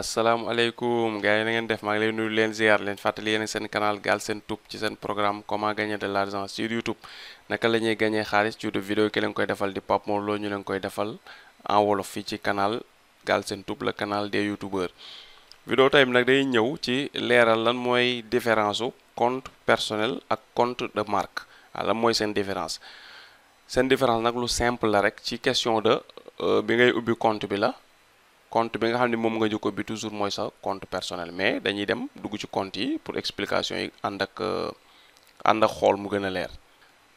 asalaamaaleykum gars yi na ngeen def maa ngi leen nuyu leen ziar leen fàttali yéen seen canal Galsen Tube ci seen programme comment gagner de l'argent sur YouTube naka la ñuy gagner xaalis ci YouTube vidéo ki leen koy defal di Pape Mor Lo ñu leen koy defal en wolof fii ci canal Galsen Tube le kanaal de youtubeurs vidéo tey bi nag day ñëw ci leeral lan mooy différence su compte personnel ak compte de marque waaw mooy seen différence seen différence nag lu simple la rek ci question de euh, bi ngay ubbi compte bi la compte bi nga xam ne moom nga njëkk bi toujours mooy sa compte personnel mais dañuy dem dugg ci compte yi pour explication yi ànd ak euh, ànd ak xool mu gën a leer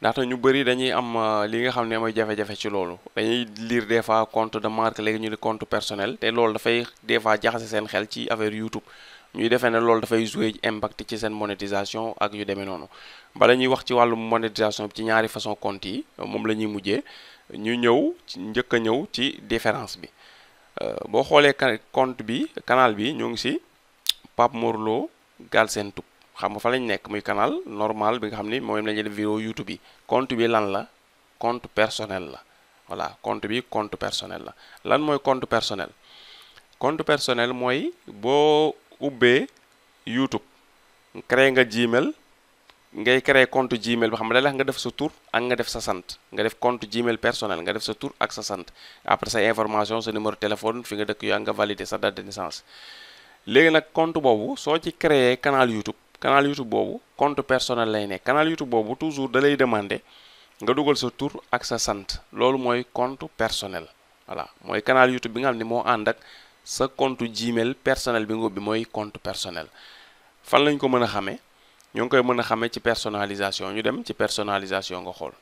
ndaxte ñu bëri dañuy am euh, li nga xam ne mooy jafe-jafe ci loolu dañuy liir des fois compte de marque léegi ñu ne compte personnel te loolu dafay des fois jaxase seen xel ci affaire YouTube ñuy defee ne loolu dafay jouer impact ci seen monétisation ak yu demee noonu bala ñuy wax ci wàllu monétisation ci ñaari façon compte yi moom la ñuy mujjee ñu ñëw njëkk a ñëw ci différence bi Euh, boo xoolee compte bi canal bi ñoo ngi si Pape Mor Lo Galsen Tube xam nga fa lañ nekk muy canal normal bi nga xam ni moom la ñuy def vidéo YouTube yi compte bi lan la compte personnel la voilà compte bi compte personnel la lan mooy compte personnel compte personnel mooy boo ubbee YouTube créé nga Gmail ngay créer compte Gmail boo xam ne da nga def sa tour ak nga def sa sant nga def compte Gmail personnel nga def sa tour ak sa sant après sa information sa numéro téléphone fi nga dëkk yaa nga valider sa date de léegi nag compte boobu soo ci créer canal YouTube canal YouTube boobu compte personnel lay ne canal YouTube boobu toujours dalay lay nga dugal sa tur ak sa sant loolu mooy compte personnel voilà mooy canal YouTube bi nga xam ne moo ànd ak sa compte Gmail personnel bi nga ubbi mooy compte personnel fan lañ ko mën a xamee. ñoo ngi koy mën a xamee ci personalisation ñu dem ci personalisation nga xool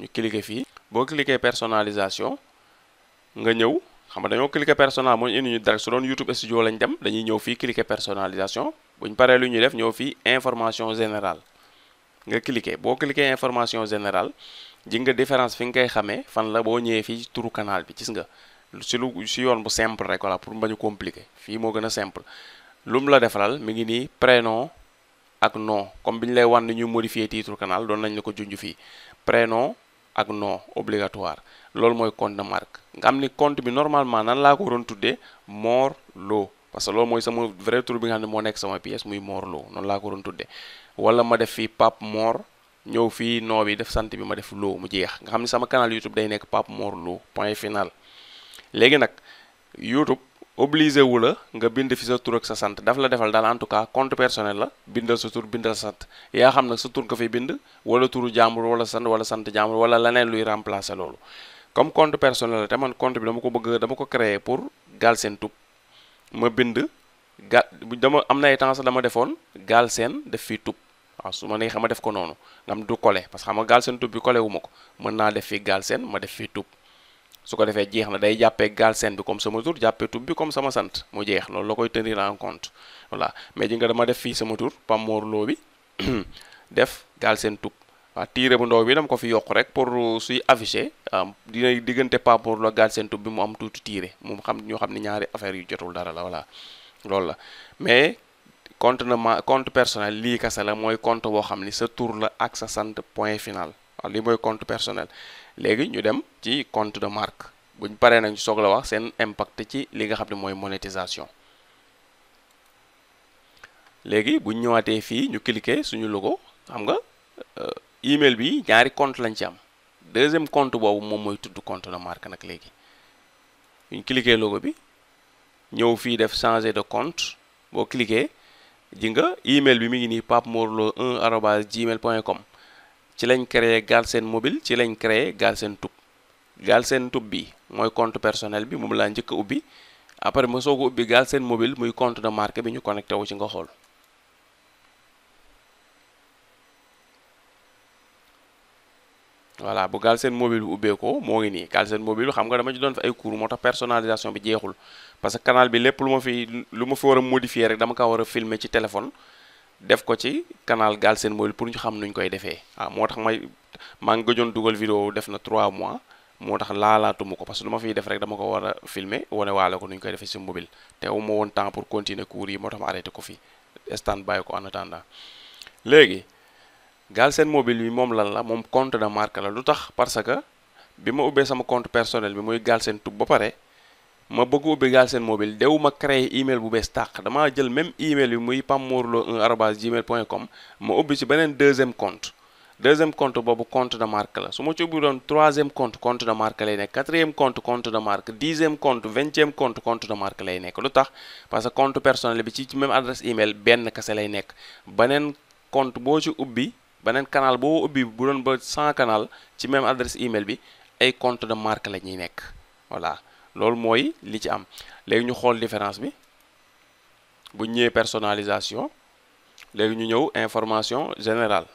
ñu cliquer fii boo cliquer personnalisation nga ñëw xam nga dañoo cliquer personnal mooy ñu indi ñu direct su doon YouTube studio lañ dem dañuy ñëw fii cliquer personnalisation buñ paree lu ñuy def ñëw fii information général nga cliquer boo cliquer information général ji nga différence fi nga koy xamee fan la boo ñëwee fii turu canal bi gis nga si lu si yoon bu simple rek voilà pour mu bañ a compliqué moo gën a simple lu mu la defaral mi ngi nii prénom. ak nom comme bi ñu lay wan ni ñuy modifier titre canal doon nañ la ko junj fii prénom ak nom obligatoire loolu mooy compte na mark nga xam ni compte bi normalement nan laa ko waroon tuddee moor Lo parce que loolu mooy sama vrai tur bi nga xam ne moo nekk sama pièce muy Mor Lo noonu laa ko waroon tuddee wala ma def fii Pape Mor ñëw fii noo bi def sant bi ma def Lo mu jeex nga xam ni sama canal YouTube day nekk Pape moor Lo point final léegi nag YouTube. obligé wu la nga bind fi sa tur ak sa sant daf la defal daal en tout cas compte personnel la bindal sa tur bindal sa sant yaa xam nag sa tur nga fay bind wala turu jàmbur wala sant wala sant jàmbur wala leneen luy remplacer loolu comme compte personnel la te man compte bi dama ko bëgg dama ko créer pour Galsen Tube ma bind gal dama am na ay temps dama defoon gaal seen def fii Tube waaw su ma neexee ma def ko noonu ngam du collé parce que xam nga Galsen Tube bi collé wu ko mën naa def fii Galsen ma def fii Tube su ko defee jeex na day jàppee seen bi comme sama tur jàppee tub bi comme sama sant mu jeex loolu la koy tenir en compte voilà mais ji nga dama def fii sama tur Pape bi def Galsen tub waaw tiire bu bi dama ko fi yokk rek pour suy affiché dina diggante Pape Lo Galsen tub bi mu am tuuti tiire moom xam ñoo xam ne ñaari affaire yu jotul dara la voilà loolu la mais compte na ma compte personnel lii kase la mooy compte boo xam ni sa tur la ak sa sant point final waaw lii mooy compte personnel léegi ñu dem ci compte de marque buñ paree nañ soog la wax seen impact ci li nga xam ne mooy monétisation léegi buñ ñëwaatee fii ñu cliquer suñu logo xam nga e email bi ñaari compte lañ ci am deuxième compte boobu moom mooy tudd compte de marque nag léegi buñ cliquer logo bi ñëw fii def changer de compte boo cliquer ji nga email bi mu ngi nii papemorlo1 arobase gmail point com ci lañ créé seen Mobile ci lañ créé Galsen Tube Galsen Tube bi mooy compte personnel bi moom laa njëkk a ubbi après ma soog a ubbi Galsen Mobile muy compte de marque bi ñu connecté wu ci nga xool voilà bu Galsen Mobile bu ubbeekoo moo ngi nii Galsen Mobile xam nga dama ci doon fi ay cours moo tax personnalisation bi jeexul parce que canal bi lépp lu ma fi lu ma fi war a modifier rek dama ko war a filmer ci téléphone def ko ci kanaal canal seen Mobile pour ñu xam nuñ koy defee waaw ah, moo tax may maa ngi gëjoon dugal vidéo def na trois mois moo tax laalaatumu ko parce que lu ma fiy def rek dama ko war a filmer wane waale ko nuñ koy defee si mobile te uma woon temps pour continuer cours yi moo tax ma arrêté ko fi stand by ko en attendant léegi seen Mobile bi moom lan la moom compte de marque la lu tax parce que bi ma ubbee sama compte personnel bi muy Galsen Tube ba pare ma bëgg ubbi Galsen Mobile dew ma créé email bu bees tàq damaa jël même email yi muy pammorlo1 arobase gmail point com ma ubbi ci beneen deuxième compte deuxième compte boobu compte de marque la su ma ci ubbi doon troisième compte compte de marque lay nekk quatrième compte compte de marque dixième compte vingtième compte compte de nekk lu tax parce que compte personnel bi ci ci même adresse email benn kese lay nekk beneen compte boo ci ubbi beneen canal boo ubbi bu doon ba 100 canal ci même adresse email bi ay compte de marque la ñuy nekk voilà loolu mooy li ci am léegi ñu xool différence bi bu ñëwee personnalisation léegi ñu ñëw information générale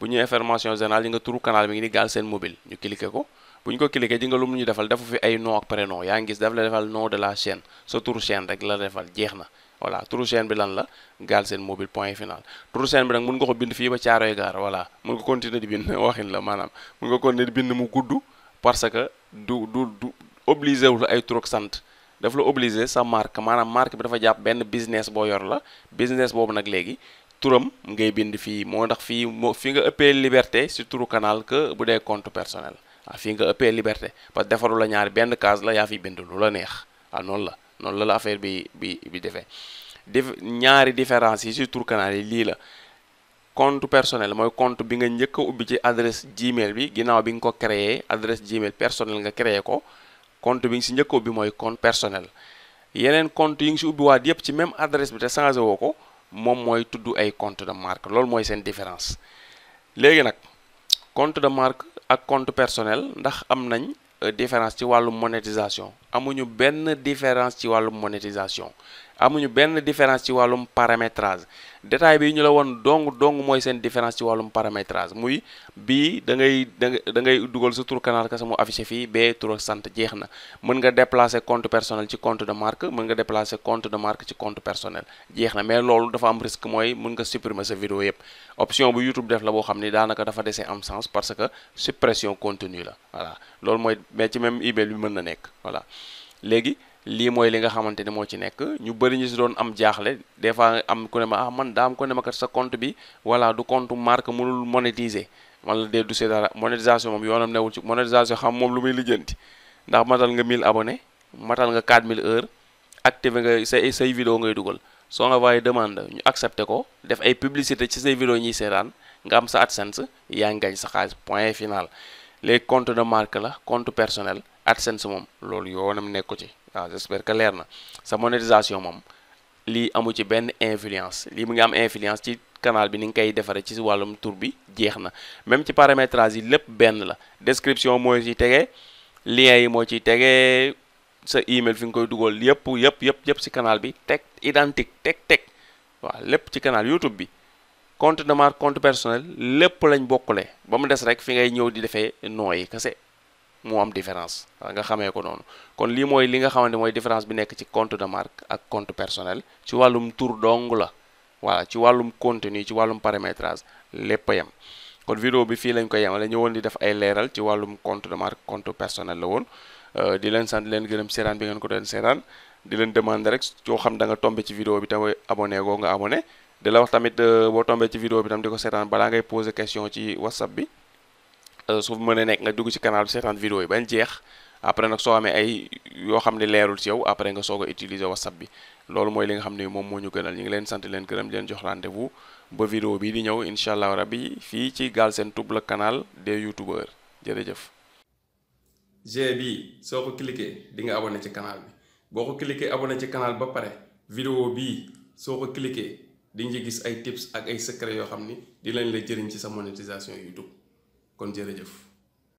bu ñu information générale yi nga turu canal mi ngi ni Galsen Mobile ñu cliquer ko bu ñu ko cliquer ji nga lu mu ñu defal dafa fi ay nom ak non yaa ngi gis daf la defal nom de la chaîne sa turu chaîne rek la defal jeex na voilà turu chaîne bi lan la gaal seen Mobile point final turu chaîne bi nag mun nga ko bind fii ba Caaroy Gaar voilà mun nga la maanaam mun nga mu gudd parce que du du obligé wu ay tur ak sant daf la obligé sa marque maanaam marque bi dafa jàpp benn business boo yor la business boobu nag léegi turam ngay bind fii moo ndax fii moo fi nga ëppee liberté si turu canal que bu dee compte personnel ah fii nga ëppee liberté parce que defaru la ñaari benn case la yaa fi bind lu la neex ah noonu la noonu la la affaire bi bi bi defee def ñaari différence yi si turu canal yi lii la compte personnel mooy compte bi nga njëkk a ubbi ci adresse gmail bi ginnaaw bi nga ko créé adresse gmail personnel nga créé ko compte bi nga si njëkk ubbi mooy compte personnel yeneen compte yi nga si ubbiwaat yépp ci même adresse bi te changé woo ko moom mooy tudd ay compte de marque loolu mooy seen différence léegi nag compte de marque ak compte personnel ndax am nañ euh, différence ci wàllu monétisation amuñu benn différence ci wàllu monétisation amuñu benn différence ci wàllum paramétrage détail bi ñu la woon dong dong mooy seen différence ci wàllum paramétrage muy bii da ngay da ngay dugal sa tur canal kasa mu affiché fii bee tur ak sant jeex na mën nga déplacer compte personnel ci compte de marque mën nga déplacer compte de marque ci compte personnel jeex na mais loolu dafa am risque mooy mën nga supprimer sa vidéo yëpp option bu YouTube def la boo xam ni daanaka dafa desee am sens parce que suppression continue la voilà loolu mooy mais ci même bi mën na nekk voilà léegi. lii mooy li nga xamante ni moo ci nekk ñu bëri ñu si doon am jaaxle des fois am ku ne ah man daa am ku ne ma kat sa compte bi voilà du compte marque mënul monétiser man la dee du see dara monétisation moom yoonam newul ci monétisation xam moom lu muy lijjanti ndax matal nga 1000 abonnés matal nga mille heures activé nga say say vidéo ngay dugal soo nga envoyé demande ñu accepté ko def ay publicité ci say vidéo ñuy seetaan nga am sa AdSense yaa ngi gañ sa xaalis point final léegi compte de marque la compte personnel AdSense moom loolu yoonam nekku ci waaw j'espère que leer na sa monétisation moom lii amu ci benn influence lii mu ngi am influence ci canal bi ni nga koy defaree ci wàllum tour bi jeex na même ci paramétrage yi lépp benn la description mooy ci tegee lien yi moo ciy tegee sa email fi nga koy dugal yëpp yëpp yëpp yëpp ci canal bi teg identique teg teg waaw lépp ci canal YouTube bi compte démarre compte personnel lépp lañ bokkule ba mu des rek fi ngay ñëw di defee nooyi kese moo am différence nga xamee ko noonu kon lii mooy li nga xamante mooy différence bi nekk ci compte de marque ak compte personnel ci wàllum tur dong la voilà ci wàllum continue ci wàllum paramétrage lépp a kon vidéo bi fii lañ ko yemale ñëwoon di def ay leeral ci wàllum compte de marque compte personnel la woon euh, di leen sant leen gërëm seeraan bi ngeen ko doon seeraan di leen demander rek xam da nga tombé ci vidéo bi te abonné goo nga abonné di la wax tamit euh, boo tombee ci vidéo bi tam di ko seetaan balaa ngay poser question ci whatsapp bi euh, su mën a nekk nga dugg ci canal bi seetaan yi bañ jeex après nag soo amee ay yoo xam ne leerul ci yow après nga soog a utiliser whatsapp bi loolu mooy li nga xam ne moom moo ñu gënal ñu ngi leen sant leen gërëm leen jox rendez-vous ba vidéo bi di ñëw incha allah rabi fii ci Galsen Tube la canal des youtubeurs jërëjëf. G bii soo ko cliquer di nga abonné ci canal bi boo ko cliquer abonné ci canal ba pare vidéo bii soo ko cliquer. di nga gis ay tips ak ay secret yoo xam ni di lañ la jëriñ ci sa yuy YouTube kon jërëjëf.